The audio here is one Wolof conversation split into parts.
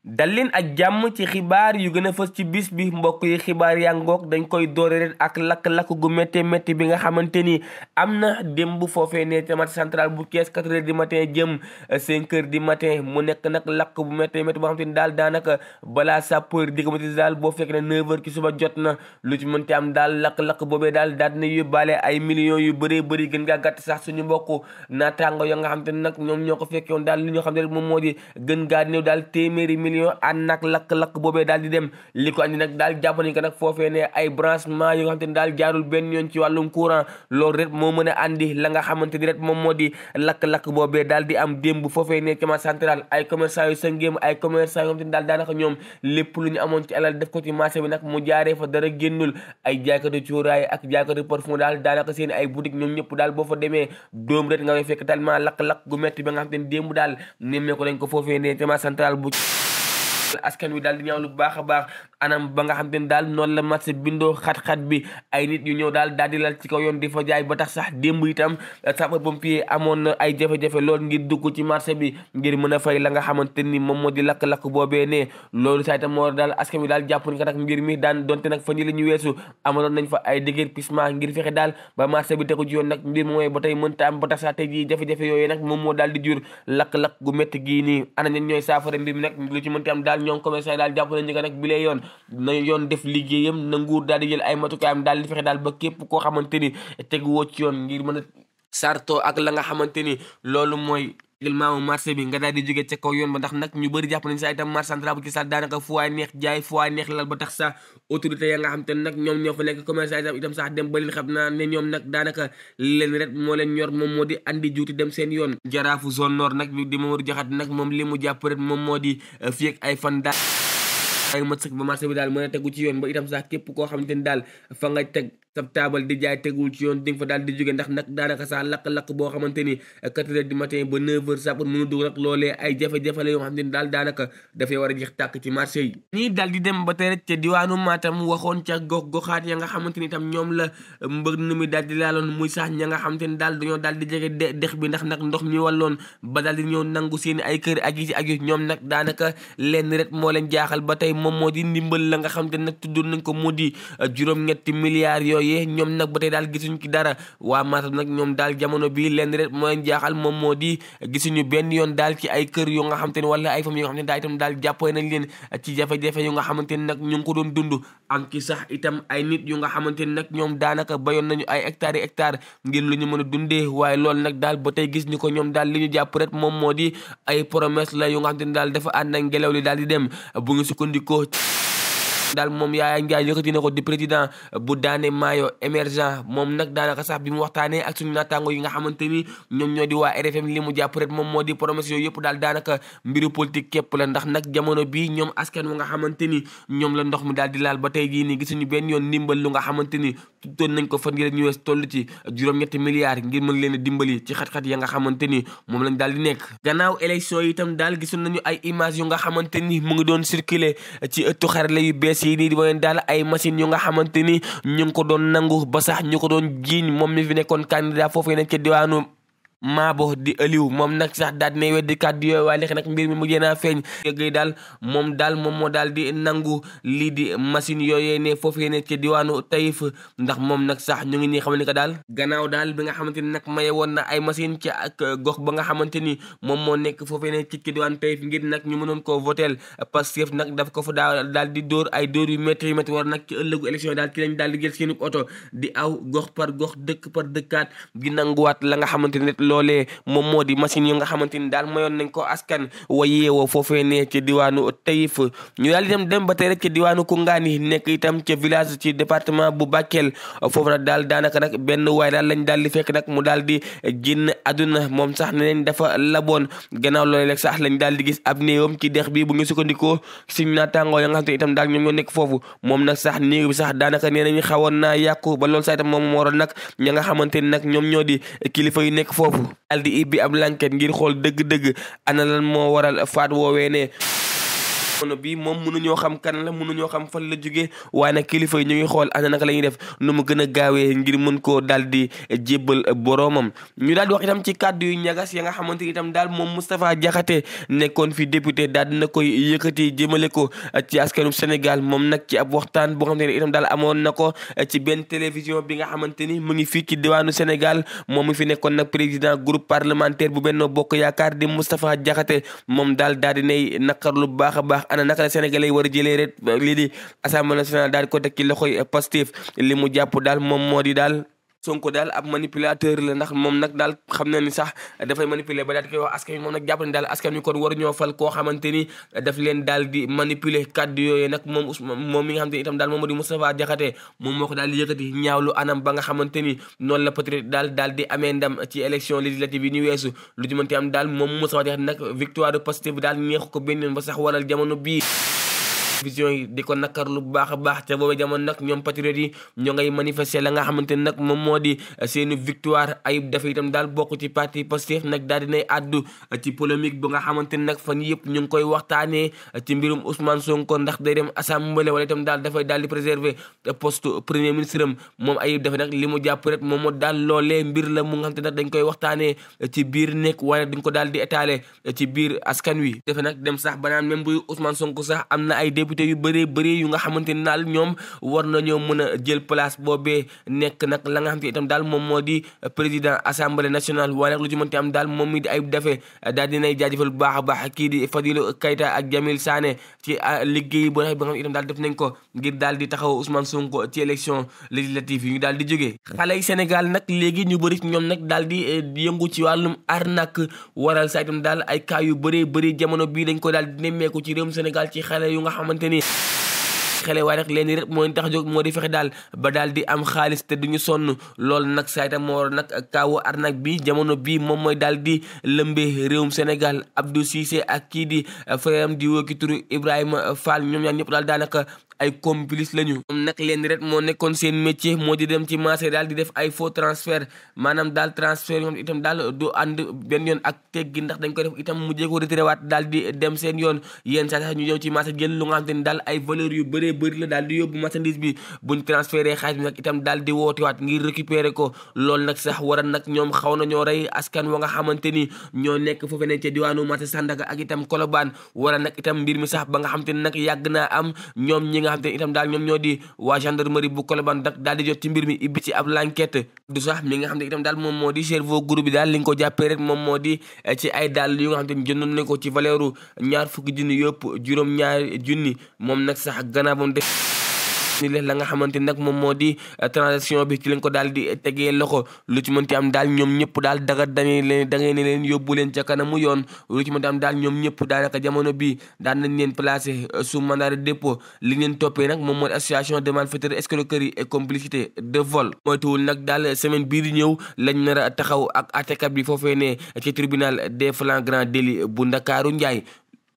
dal leen ak jàmm ci xibaar yu gën a fës ci bis bi mbokk yi xibaar yaa ngoog dañ koy doore ak lakk-lakk gu métti métti bi nga xamante ni am na démb foofee ne tamit central bu Thiès 4 di du matin jëm 5 euh, heures du matin mu nekk nag lakk bu métti métti boo xamante daal daanaka balaa sapeur di ko métti daal boo fekk ne 9 heures ci suba jot na lu ci mënti am daal lakk-lakk boobee daal daal dina bale ay millions yu bëree bëri gën gaa gàtt sax suñu mbokk naataango ya nga xamante ni nag ñoom ñoo ko fekkewoon daal li xam ne moom moo di gën ngaa néew daal téeméeri millions ànd nag lakk-lakk boobee daal di dem li ko andi nag daal jàpp nañ ko nag foofee ne ay branchement yi nga xamante ne daal jaarul benn yoon ci wàllum courant loolu rek moo mën a andi la nga xamante ni rek moom moo di lakk-lakk boobee daal di am démb foofee ne commande centrale ay commerçant yu sëngéem ay commerçant yu xamante ni daal daanaka ñoom lépp lu ñu amoon ci alal def ko ci marché bi nag mu jaaree fa dara génnul ay jaaykatu cuuraay ak jaaykatu parfum daal daanaka seen ay boutique ñoom ñëpp daal boo fa demee dóom rek nga fay fekk tellement lakk-lakk gu metti ba nga xamante ni démb daal nemmee ko dañ ko foofee ne commande centrale bu askan wi daal di ñaawlu bu baax a baax anam ba nga xam te daal noonu la match bindoo xat-xat bi ay nit ñu ñëw daal daal di lal ci kaw yoon di fa jaay ba tax sax démb itam sapeur pompier amoon na ay jafe-jafe ngir dugg ci marché bi ngir mën a fay la nga xamante ni moom moo di lakk-lakk boobee ne loolu saa itam moo daal askan wi daal jàpp nañ ko nag mbir daan donte nag fan yi la ñu weesu amaloon nañ fa ay déguerpissement ngir fexe daal ba marché bi tegu ci yoon nag mbir mooy ba tey mënta am ba tax sax tey jii moom moo daal di jur lakk-lakk gu métti gii ana ñooy saafara mbir mi nag lu ci mënta am daal daal ñoom commerçant yi daal jàpp nañu ko nag bi lay yoon na yoon def liggéeyam na nguur daal di jël ay daal di fexe daal ba képp koo xamante ni tegu woo ci yoon ngir mën a sarto ak la nga xamante ni loolu mooy jël maamu marché bi nga daal di jóge ca ko yoon ba ndax nag ñu bari jàpp nañ sa itam marché central bu ci sa daanaka fu waay neex jaay fu waay neex lal ba tax sa autorité ya nga xam te nag ñoom ñoo fa nekk commerçant itam itam sax dem ba xam na ne ñoom nag daanaka leen rek moo leen ñor moom moo di andi juuti dem seen yoon jaraafu zone nord nag di Mamadou Diakhaté nag moom li mu jàpp rek moom moo di euh, fii ay fan daal ay mat sëkk ba marché bi daal mën a tegu ci yoon ba itam sax képp koo xamante ni daal fa teg sab taabal di jaay tegul ci yoon di fa daal di jóge ndax nag daanaka saa lakk-lakk boo xamante ni quatre heures du matin ba neuf heures sax pour mënu dugg nag ay jafe-jafe la yoo xamante ni daal daanaka dafay war a jeex tàkk daal di dem ba tey rek ca diwaanu Matam waxoon ca gox goxaat ya nga xamante ni tam ñoom la mbënn mi daal di laaloon muy sax ña nga xamante ni daal dañoo daal di jege dex bi ndax nag ndox mi walloon ba daal di ñëw nangu seen ay kër ak yi ak ñoom nag daanaka lenn rek moo leen jaaxal ba tey moom moo di ndimbal la nga xam ni nag tuddoon nañ ko moo di juróom-ñetti milliards yooyee ñoom nag ba tey daal gisuñ ci dara waa Matam nag ñoom daal jamono bii lenn rek mooy jaaxal moom moo di gisuñu benn yoon daal ci ay kër yu nga xamante ni wala ay fam yu nga xamante ni daal itam jàppoo nañ leen ci jafe-jafe yu nga xamante ni nag ñu ko doon dund am ci sax itam ay nit yu nga xamante ni nag ñoom daanaka bayoon nañu ay hectares hectares ngir lu ñu mën a dundee waaye loolu nag daal ba tey gis ñu ko ñoom daal li ñu jàpp rek moom moo di ay promesse la yu nga xamante daal dafa ànd ak ngelaw li daal di dem bu ngi sukkandikoo daal moom Yaya Ndiaye yëkkati na ko di président bu daane maayo émergent moom nag daanaka sax bi mu waxtaanee ak suñu naataango yi nga xamante ni ñoom ñoo di waa RFM li mu jàpp rek moom moo di promesse yooyu yëpp daal daana daanaka mbiru politique képp la ndax nag jamono bii ñoom askan wu nga xamante ni ñoom la ndox mi daal di laal ba tey jii nii gisuñu benn yoon ndimbal lu nga xamante ni doon nañ ko fan ngir ñu wees toll ci juróom-ñetti milliards ngir mën leen a dimbali ci xat-xat ya nga xamante ni moom lañ daal di nekk gannaaw élection yi itam daal gisoon nañu ay image yu nga xamante ni mu ngi doon circuler ci ëttu xarala lay bees yi nii di waneen daal ay machines yu nga xamante ni ñu ngi ko doon nangu ba sax ñu ko doon jiiñ moom mi fi nekkoon candidat foofu yeneen ca diwaanu maa maabo di Aliou moom nag sax daal dinay weddi kàddu yooyu waaye léegi nag mbir mi mujjee naa feeñ yëgay daal moom daal moom moo daal di nangu lii di machine yooyee ne foofu yéene ci diwaanu Taïf ndax moom nag sax ñu ngi nii xam ne que daal gannaaw daal ba nga xamante ni nag maye woon na ay machine ci ak gox ba nga xamante ni moom moo nekk foofu yéene ci ci diwaanu Taïf ngir nag ñu mënoon koo votel Pastef nag daf ko fa daal daal di dóor ay dóor yu métti yu métti war nag ci ëllëgu élection yi daal daal di jël seen oto di aw gox par gox dëkk par dëkkaat di nanguwaat la nga xamante ni loolee moom moo di machine yu nga xamante ni daal mayoon nañ ko askan wa yeewoo foofee ne ci diwaanu Taïf ñu daal itam dem ba tey rek ci diwaanu Koungani nekk itam ca village ci département bu Bakel foofu nag daal daanaka nag benn waaye daal lañ daal di fekk nag mu daal di génn àdduna moom sax ne leen dafa laboon gannaaw loolee rek sax lañ daal di gis ab néewam ci dex bi bu ñu sukkandikoo suñu naataangoo ya nga xam te itam daal ñoom ñoo nekk foofu moom nag sax néew sax daanaka nee nañu xawoon naa yàqu ba loolu sax itam moom moo waral nag ña nga xamante ni nag ñoom ñoo di kilifa yi nekk foofu daal di am ab lanket ngir xool dëgg-dëgg ana lan moo waral faat woowee ne kono bi moom mënuñoo xam kan la mënuñoo xam fan la jógee waaye na kilifa yi ñu ngi xool ana naka la ñuy def nu mu gën a gaawee ngir mën koo daal di jébbal boroomam ñu daal di wax itam ci kàddu yu ñagas ya nga xamante ni itam daal moom Moustapha Diakhaté nekkoon fi député daal dina koy yëkkati jëmale ko ci askanu Sénégal moom nag ci ab waxtaan boo xamante ni itam daal amoon na ko ci benn télévision bi nga xamante ni mu ngi fii ci diwaanu Sénégal moom mi fi nekkoon nag président groupe parlementaire bu Benno Bokk Yaakaar di Moustapha Diakhaté moom daal daal dinay naqar lu baax a baax ana naka la sénégalais yi war a jëlee ret lii di assemblée nationale daal di ko teg ci loxoy Pastef li mu jàpp daal moom moo di daal Sonko daal ab manipulateur la ndax moom nag daal xam na ni sax dafay manipuler ba daal di koy wax askan wi moom nag jàpp daal askan wi kon war ñoo fal koo xamante ni daf leen daal di manipuler kàddu yooyu nag moom moom mi nga xamante ni itam daal moom di Moustapha Diakhaté moo ko daal di yëkkati ñaawlu anam ba nga xamante ni noonu la peut-être daal di amee ndam ci élection législative yi ñu weesu lu ci mënti am daal moom Moustapha Diakhaté nag victoire de Pastef daal neexu ko benn yoon ba sax waral jamono bii vision yi di ko nakarlu bu baax a baax te booba jamono nag ñoom patriotes yi ñoo ngay manifester la nga xamante ne nag moom moo di seeni victoire ayib dafa itam daal bokk ci parti Pastef nag daal dinay àddu ci polémique bu nga xamante ne nag fan yëpp ñu ngi koy waxtaanee ci mbirum Ousmane Sonko ndax day dem assemblée wala itam daal dafay daal di préserver poste premier ministre am moom ayib dafa nag li mu jàpp rek moom moo daal loolee mbir la mu nga xamante nag dañ koy waxtaanee ci biir nekk waaye duñ ko daal di étaler ci biir askan wi dafa nag dem sax banaan même bu Ousmane Sonko sax am na ay débat député yu bëree bëri yu nga xamante daal ñoom war nañoo mën a jël place boobee nekk nag la nga xam te itam daal moom moo di président assemblée nationale waaye nag am daal moom di Ayib Daffé daal dinay jaajëfal bu baax a baax kii di Fadilou Keita ak Jamil Sané ci ah, liggéey bu rafet ba nga xam itam daal def nañ ko ngir daal di taxaw Ousmane Sonko ci élection législative yi ñu daal di jógee xale yi Sénégal nag léegi ñu bëri ci ñoom nag daal di eh, yëngu ci wàllum arnaque waral sa itam daal ay cas yu bëree bëri jamono xamante ni xele waaye rek leen rek moo tax jóg moo di fexe daal ba daal di am xaalis te duñu sonn loolu nag saa itam moo war nag kaawu nag bi jamono bii moom mooy daal di lëmbee réewum Sénégal du Cissé ak kii di frère am di wóoki turu Ibrahima Fall ñoom ñaar ñëpp daal daanaka ay complice lañu moom nag leen rek moo nekkoon seen métier moo di dem ci marché daal di def ay faux maanaam daal transfert ñoom itam daal du ànd benn yoon ak teggi ndax dañ ko def itam mujjee ko retiré waat daal di dem seen yoon yéen saa ñu ñëw ci marché jël lu nga xam daal ay valeur yu bëri bëree bëri la daal di yóbbu marchandise bi buñ transféré xaalis bi nag itam daal di wootewaat ngir récupérer ko loolu nag sax waral nag ñoom xaw na ñoo rey askan wa nga xamante ni ñoo nekk foofu ne ca diwaanu marché Sandaga ak itam Colobane waral nag itam mbir mi sax ba nga xamante nag yàgg naa am ñoom ñi nga xamante itam daal ñoom ñoo di waa bu Colobane nag daal di jot ci mbir mi ibbi ci ab l'enquête sax mi nga xam ne itam daal moom moo di cerveau groupe bi daal moom de ni leen la nga xamante nag moom moo di euh, transaction bi ci lañ ko daal di tegee loxo lu ci mënti am daal ñoom ñëpp daal daga dañuy leen da ngay ne leen yóbbu leen ca kanamu yoon lu ci mënti am daal ñoom ñëpp daanaka jamono bii daan nañ leen placé euh, sous mandat de dépôt li leen toppee nag moom mooy association de malfaiteurs escroquerie et complicité de vol moytuwul nag daal semaine bii di ñëw lañ nar a taxaw ak àttekat bi foofee ne ci tribunal des flagrants délits bu Ndakaaru Njaay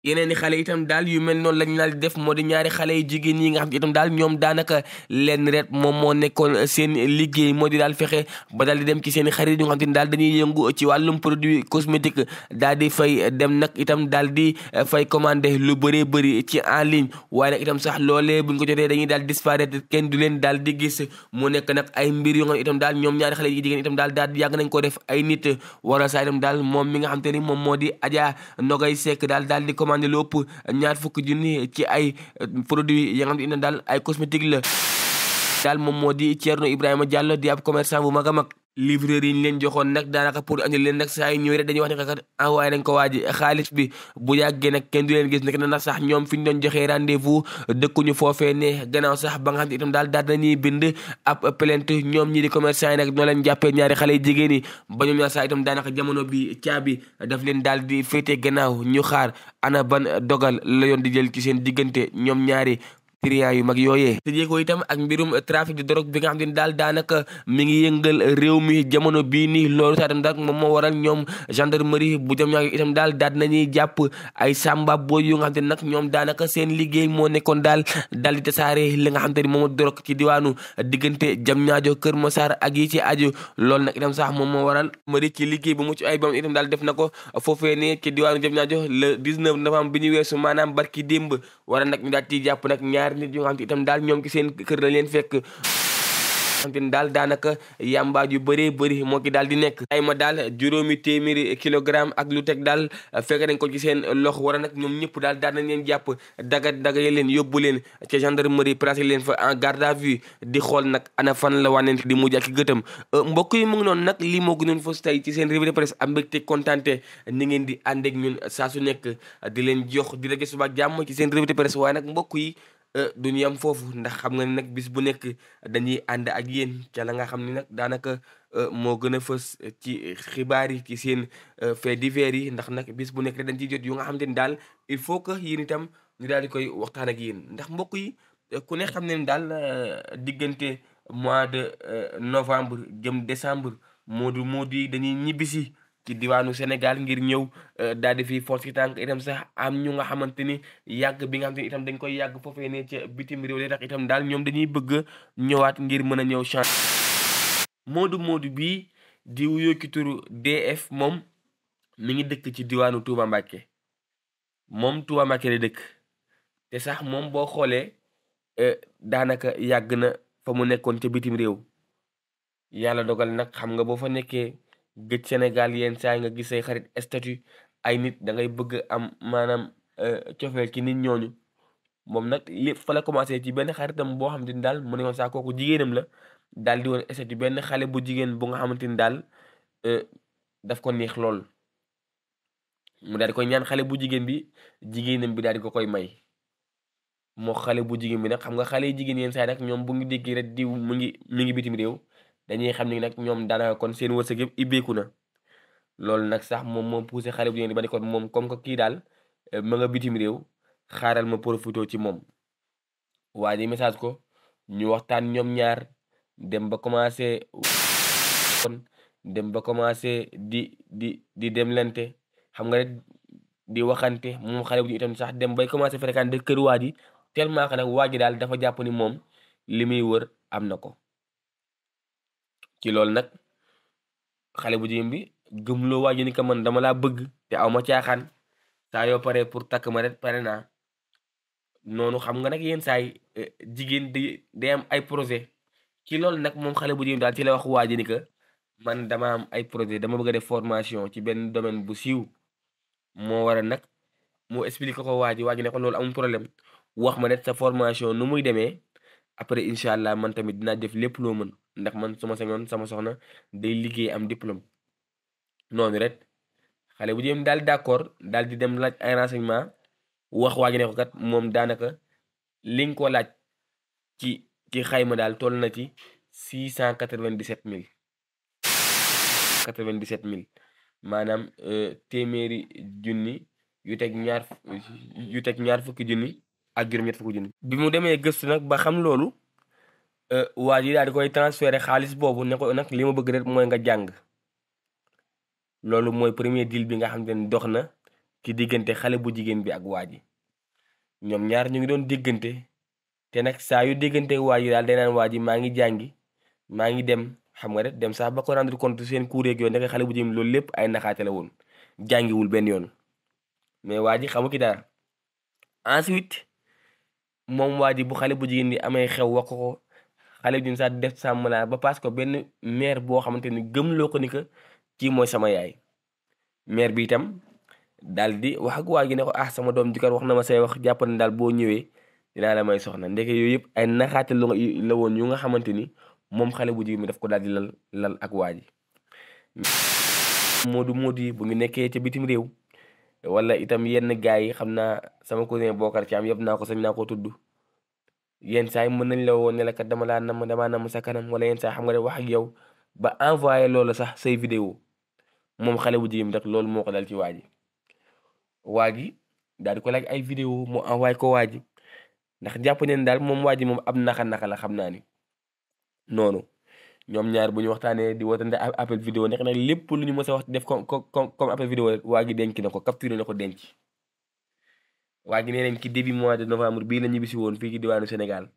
yeneen i xale itam daal yu mel noonu lañ daal def moo di ñaari xale yu jigéen yi nga xam itam ñoom daanaka lenn ret moom moo nekkoon seen liggéey moo di daal fexe ba daal di dem ci seen i xarit yu nga xam daal dañuy yëngu ci wàllum produit cosmétique daal di fay dem nag itam daal di fay commandé lu bëree bëri ci en ligne waaye nag itam sax loolee buñ ko jotee dañuy daal disparaître kenn du leen daal di gis mu nekk nag ay mbir yu nga xam daal ñoom ñaari xale yi jigéen itam daal daal yàgg nañ ko def ay nit waral saa itam daal moom mi nga xam te ni moom moo di Adja Nogay Seck daal daal di commandé commandé lu ëpp ñaar fukki junni ci ay eh, produits ya nga xam ne daal ay cosmétique la daal moom moo di Thierno Ibrahima Diallo di ab commerçant bu mag a mag livreur yi leen joxoon nag daanaka pour andi leen nag saa yu ñëwee rek dañuy wax ne kat envoyé ko waaji xaalis bi bu yàggee nag kenn du leen gis nag na sax ñoom fi ñu doon joxee rendez-vous dëkkuñu foofee ne gannaaw sax ba nga xam ne itam daal daal nañuy bind ab plainte ñoom ñi di commerçant yi nag noo leen jàppee ñaari xale yu jigéen yi ba ñoom ñaar sax itam daanaka jamono bi caabi daf leen daal di féete gannaaw ñu xaar ana ban dogal la yoon di jël ci seen diggante ñoom ñaari triyaa yu mag yooyee tëjee ko itam ak mbirum trafic moo waral ñoom gendarmerie bu jam ñaa itam daal daal nañuy jàpp ay samba yu nga xam te nag ñoom daanaka seen liggéey moo nekkoon daal daal di tasaare li nga xam te ni moom drogue ci diwaanu diggante jam ñaajo Kër Masaar ak yi ci aju loolu nag itam sax moom moo waral mari ci liggéey bu mucc ay bam itam daal def na ko foofee ne ci diwaanu jam ñaajo le 19 novembre bi ñu weesu maanaam barki démb waral nag ñu daal nag ñaar ñaari nit yoo xam te itam daal ñoom ci seen kër la leen fekk daal daanaka yàmbaaj yu bëree bëri moo ki daal di nekk ay ma daal juróomi téeméeri kilogramme ak lu teg daal fekk nañ ko ci seen lox war a ñoom ñëpp daal daan nañ leen jàpp dagat dagay leen yóbbu leen ca gendarmerie placé leen fa en garde à vue di xool nag ana fan la wànnent di mujj ak gëtam euh, mbokk yi mu ngi noonu nag lii moo gënoon fos tey ci seen revue de presse am mbégte kontaante ni ngeen di ànd ak nekk di leen jox di jàmm ci seen revue de mbokk yi Euh, duñu yam foofu ndax xam nga ni nag bis bu nekk dañuy ànd ak yéen ca la nga xam ni nag daanaka euh, moo gën a fës ci xibaar yi ci seen euh, faits divers yi ndax nag bis bu nekk dañ ciy jot yu nga xam te daal il faut que yéen itam ñu daal di koy waxtaan ak yéen ndax mbokk yi ku ne xam ne ni daal diggante mois de novembre jëm décembre moo du moo di dañuy ñibbisi ci diwaanu Sénégal ngir ñëw euh, daal di fi force yi tànk itam sax am ñu nga xamante ni yàgg bi nga xamante itam dañ koy yàgg foofee ne ca bitim réew day tax itam daal ñoom dañuy bëgg ñëwaat ngir mën a ñëw change moodu moodu bii di wuyoo ci moom mi ngi dëkk ci diwaanu Touba Mbacké moom Touba dëkk te sax moom boo xoolee euh, daanaka yàgg na fa mu nekkoon ca bitim réew yàlla dogal nag xam nga boo fa nekkee gëj Sénégal yenn saa nga gis say xarit statut ay nit da ngay bëgg am maanaam euh, cofeel ci nit ñooñu moom nag lépp fa la commencé ci benn xaritam boo xamante ni daal mu ne woon jigéenam la daal di woon statut benn xale bu jigéen bu nga xamante ni daal euh, daf ko neex lool mu daal di koy ñaan xale bu jigéen bi jigéenam bi daal di ko koy may moo xale bu jigéen bi nag xam nga xale yi jigéen yenn saa rek ñoom bu ngi déggee rek diw mu ngi mu ngi bitim réew dañuy xam ni nag ñoom daanaka kon seen wërsëg yëpp ibbeeku na loolu nag sax moom moom poussé xale bu jigéen ba ne kon moom comme que kii daal eh, ma nga bitim réew xaaral ma profité ci moom waa ji message ko ñu waxtaan ñoom ñaar dem ba commencé kon dem ba commencé di di di demlante xam nga rek di waxante moom xale bu ñu itam sax dem bay commencé fréquenté kër waa ji tellement que nag waa ji daal dafa jàpp ni moom li muy wër am na ko ci loolu nag xale bu jigéen bi gëmloo waa ji ni ko man dama laa bëgg te aw ma caaxaan saa yoo pare pour takk ma rek pare naa noonu xam nga nag yéen saay e, jigéen di day ay projet ci loolu nag moom xale bu jigéen daal ci la wax waa ji ni ka man dama am ay projet dama bëgg a def formation ci benn domaine bu siiw moo waral nag moo expliqué ko waa ji waa ne ko loolu amul problème wax ma rek sa formation nu muy demee après incha allah man tamit dinaa def lépp loo mën. ndax man su ma sañoon sama soxna day liggéey am diplôme noonu rek xale bu jëm daal di d'accord daal di dem laaj ay wax waa ji ne ko kat moom daanaka li nga ko laaj ci ci xayma daal toll na ci six cent quatre dix sept mille quatre-vingt-dix-sept mille maanaam euh, téeméeri junni yu teg ñaar teg ñaar fukki junni ak juróom-ñett bi mu demee gëstu nag ba xam loolu. Euh, waa ji daal di koy transféré xaalis boobu ne ko nag li ma bëgg rek mooy nga jàng loolu mooy premier deal bi nga xam te ne dox na ci diggante xale bu jigéen bi ak waa ji ñoom ñaar ñu ngi doon diggante te nag saa diggante waa ji daal day naan waa ji maa ngi jàngi maa ngi dem xam nga rek dem sax ba ko rendre compte seen kuréeg yooyu nekk xale bu jigéen loolu lépp ay naxaate la woon jàngiwul benn yoon mais waa ji xamu ki moom waa ji bu xale bu jigéen bi amee xew wax Aliou Diouf Sarr def sàmm laa ba parce que benn maire boo xamante ni gëmloo ko ni que kii mooy sama yaay maire bi itam daal di wax ak waa gi ne ko ah sama doom jikar wax na ma say wax jàpp ne daal boo ñëwee dinaa la may soxna ndeke yëpp ay naxaate lu la woon yu nga xamante ni moom xale bu jigéen mi daf ko daal di lal lal ak waa ji moodu bu ngi nekkee ca bitim réew wala itam yenn gars yi xam naa sama cousin Bokar ci am yëpp naa ko sañ naa ko tudd yenn saa yi mën nañ la woon ne la kat dama laa nam damaa nam sa kanam wala yenn saa xam nga de wax ak yow ba envoyé loola sax say vidéo moom xale bu jigéen bi rek loolu moo ko dal ci waa ji waa ji ko laaj ay vidéo mu envoyé ko waa ji ndax jàpp neen daal moom waa ji moom ab naxa naxa la xam naa ni noonu ñoom ñaar bu ñu waxtaanee di wootante appel vidéo nekk nag lépp lu ñu mës a wax def comme comme comme appel vidéo rek waa gi denc na ko capturé na ko denc waa ji nee nañ ki début mois de novembre bii la ñu bisi woon fii ci diwaanu Sénégal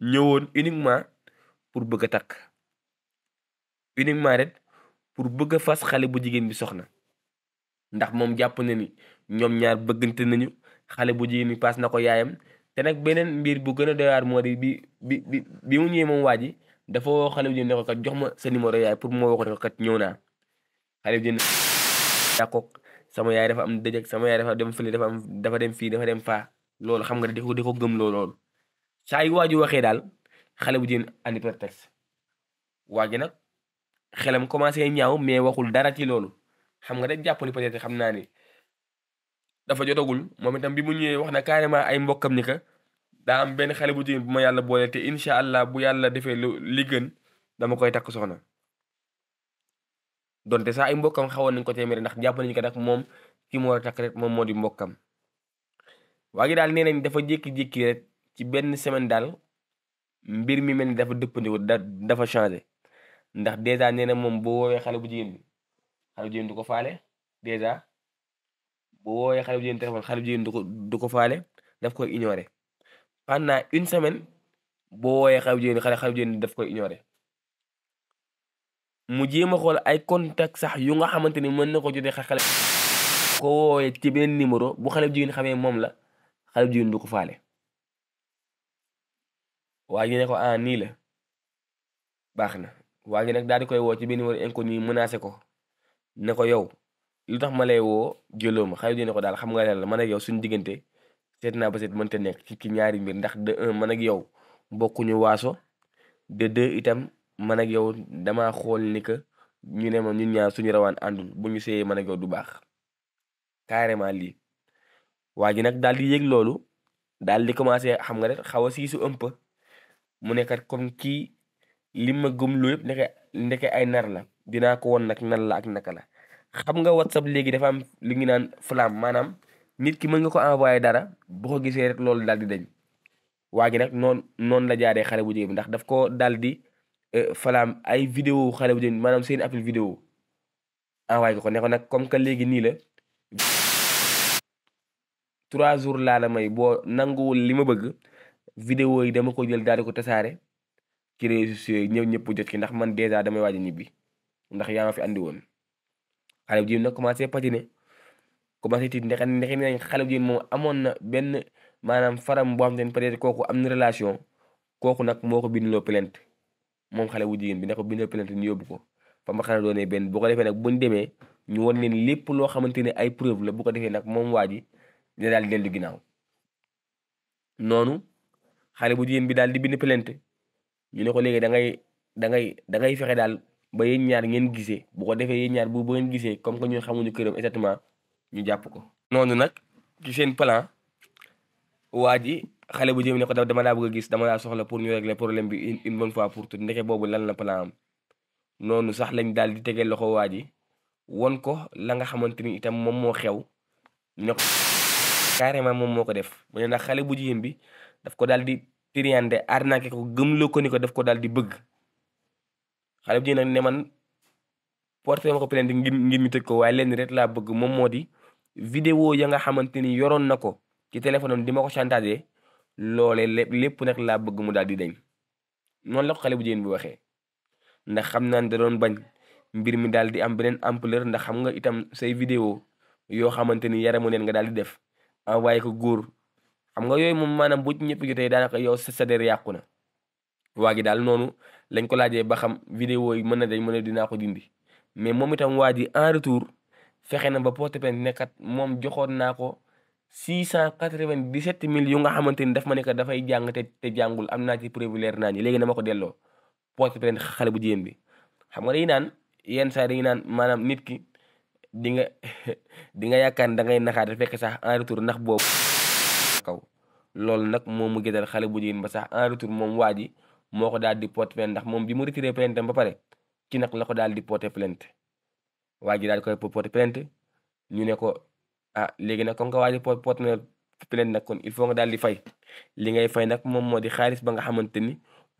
ñëwoon uniquement pour bëgg a takk uniquement rek pour bëgg fas xale bu jigéen bi soxna ndax moom jàpp na ni ñoom ñaar bëggante nañu xale bu jigéen mi paas na ko yaayam te nag beneen mbir bu gën a doy moo di bi bi mu ñëwee moom waa ji dafa woo xale bu jigéen ne ko kat jox ma sa numéro yaay pour moo waxoon ko kat ñëw naa xale bu jigéen daa ko sama yaay dafa am dëjëk sama yaay dafa dem fële dafa am dafa dem fii dafa dem faa loolu xam nga di ko di ko gëm loolu saa yu waaju waxee daal xale bu jigéen andi prétexte waa ji nag xelam commencé ñaaw mais waxul dara ci loolu xam nga rek jàpp ni peut xam naa ni dafa jotagul moom itam bi mu ñëwee wax na carrément ay mbokkam ni ka daa am benn xale bu jigéen bu ma yàlla boole te incha allah bu yàlla defee lu li gën dama koy takk soxna. donte sax ay mbokkam xawoon nañ ko cee mere ndax jàpp nañu ko nag moom ki moo war takk rek moom moo di mbokkam daal nee nañ dafa jékki-jékki rek ci benn semaine daal mbir mi mel dafa dëppandiku da dafa changé ndax dèjà nee na moom boo woowee xale bu jigéen bi du ko faale dèjà boo woowee xale bu jigéen téléphone jigéen du ko du ko faale daf koy ignoré pendant une semaine boo woowee xale bu jigéen xale xale daf koy ignoré mu jéem a xool ay contact sax yu nga xamante ni mën na ko jotee xale ko woowee ci beneen numéro bu xale bu jigéen xamee moom la xale bu jigéen ko faale waa ji ko ah nii la baax na waa ji nag daal di koy woo ci benn numéro inconnu menacé ko ne ko yow lu tax ma lay woo jëloo ma xale bu jigéen ko daal xam nga lan la man ak yow suñu diggante seet naa ba seet mënta nekk ci ñaari mbir ndax de un man yow bokkuñu waaso de itam man ak yow dama xool ni que ñu ne ma ñun ñaar suñu rawaan àndul bu ñu seeyee man ak yow du baax carrément lii waa ji nag daal di yëg loolu daal di commencé xam nga rek xaw a siisu un peu mu nekkat comme kii li ma gëm yëpp ndeke ndeke ay nar la dinaa ko woon nag nan la ak naka la xam nga whatsapp léegi dafa am li ngi naan flamme maanaam nit ki mën nga ko envoyé dara boo ko gisee rek loolu daal di dañ waa gi nag noonu noonu la jaare xale bu jigéen bi ndax daf ko daal di Euh, falaam ay vidéo xale bu jigéen maanaam seen appel vidéo envoyé ko ko ne ko nag comme que léegi nii la trois jours laa la may boo nanguwul li ma bëgg vidéo yi dama ko jël daal ko tasaare ci ñëw ñëpp jot ci ndax man dèjà damay waaj a ñibbi ndax yaa fi andi woon xale bu jigéen nag commencé patiner commencé tiit ndax ndax nañ xale bu jigéen moom amoon na benn maanaam faram boo xam ne peut-être kooku am na relation kooku nag moo ko bindloo plainte moom xale bu jigéen bi ne ko bindal plainte ñu yóbbu ko fa ma xanaa doonee benn bu ko defee nag buñ demee ñu wan leen lépp loo xamante ne ay preuve la bu ko defee nag moom waa ji dina daal di dellu ginnaaw noonu xale bu jigéen bi daal di bind plainte ñu ne ko léegi da ngay da ngay da fexe daal ba yéen ñaar ngeen gisee bu ko defee yéen ñaar bu ba ngeen gisee comme que ñun xamuñu këram exactement ñu jàpp ko. noonu nag ci seen plan waa ji xale bu jëm ne ko dama laa bëgg a gis dama laa soxla pour ñu régler problème bi une bonne fois boobu lan la plan noonu sax lañ daal di tegee loxo waa ji ko la nga xamante ni itam moom moo xew ne ko moom moo ko def mu ne xale bu jigéen bi daf ko daal di triandé arnaqué ko gëmloo ni ko daf ko daal di bëgg xale bu jigéen nag ne man porté ma ko plainte ngir tëj ko waaye lenn rek laa bëgg moom moo di vidéo ya nga xamante ni yoroon na ko ci téléphone am di ma ko chantage loole loolee lépp nag laa bëgg mu daal di dañ noonu la ko xale bu jigéen bi waxee ndax xam naa ne da bañ mbir mi daal di am beneen ampleur ndax xam nga itam say vidéo yoo xamante ni yaramu neen nga daal di def a envoyé ko góor xam nga yooyu moom maanaam bu ñëpp jotee daanaka yow sa der yàqu na waa daal noonu lañ ko laajee ba xam vidéo yi mën na dañ mën a dinaa ko dindi mais mom itam waa ji en retour fexe na ba porte plainte nekkat moom joxoon naa ko six cent quatre-vingt-dix-sept mille yu nga xamante ni daf ma ne que dafay jàng te te jàngul am naa ci preuve leer naa ñi léegi dama ko delloo porte plainte xale bu jigéen bi xam nga day naan yenn saa dañuy naan maanaam nit ki di nga di nga yaakaar da ngay naxaate fekk sax en retour ndax boobu kaw loolu nag moom mu gédal xale bu jigéen ba sax en retour moom waa ji moo ko daal di porte plainte ndax moom bi mu retiré plainte ba pare ci nag la ko daal di porte plainte waa ji daal ko koy porte plainte ñu ne ko ah léegi nag comme que waa ji po na kon il faut nga daal di fay li ngay fay nag moom moo di xaalis ba nga xamante ni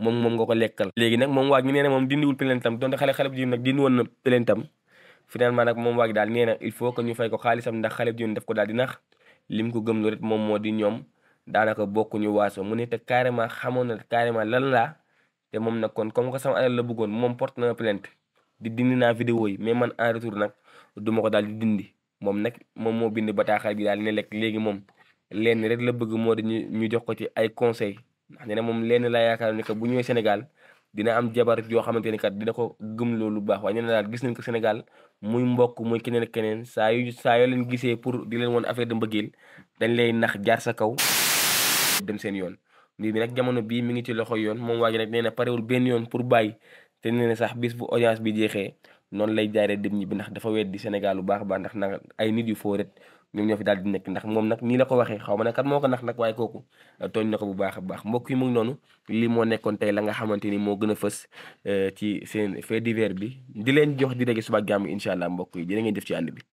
moom moom nga ko lekkal. léegi nag moom waa ji nee na moom dindiwul plainte am donte xale xale bu jigéen nag dindi woon na plainte am finalement nag moom waa ji daal nee na il faut que ñu fay ko xaalisam ndax xale bu jigéen daf ko daal di nax lim ko gëm lu rek moom moo di ñoom daanaka bokkuñu waaso mu ne te carrément xamoon na carrément lan laa te moom nag kon comme que sam alal la bëggoon moom porte na plainte di dindi naa vidéo yi mais man en retour nag ko daal di dindi. moom nag moom moo bind bataaxal bi daal ne lekk léegi moom lenn rek la bëgg moo di ñu jox ko ci ay conseil ndax nee na moom lenn laa yaakaar ne que bu ñëwee Sénégal dina am jabar yoo xamante ni kat dina ko gëm loolu baax waaye nee na daal gis nañ ko Sénégal muy mbokk muy keneen ak keneen saa yu saa yoo leen gisee pour di leen woon affaire de mbëggeel dañ lay nax jaar sa kaw dem seen yoon mbir bi nag jamono bii mi ngi ci loxo yoon moom waa ji nag nee na parewul benn yoon pour bàyyi te nee na sax bis bu audience bi jeexee noonu lay jaaree dem ñi bi ndax dafa weddi Sénégal bu baax baax ndax nag ay nit yu fooret ñoom ñoo fi daal di nekk ndax moom nag nii la ko waxee xaw ma ne kat moo ko nax nag waaye kooku euh, tooñ na ko bu baax a baax mbokk yi mu noonu lii moo nekkoon tey langa nga xamante ni moo gën a fës euh, ci seen fait divers bi ndi leen jox di dégg suba jàmm incha allah mbokk yi jërë ngeen def ci ànd bi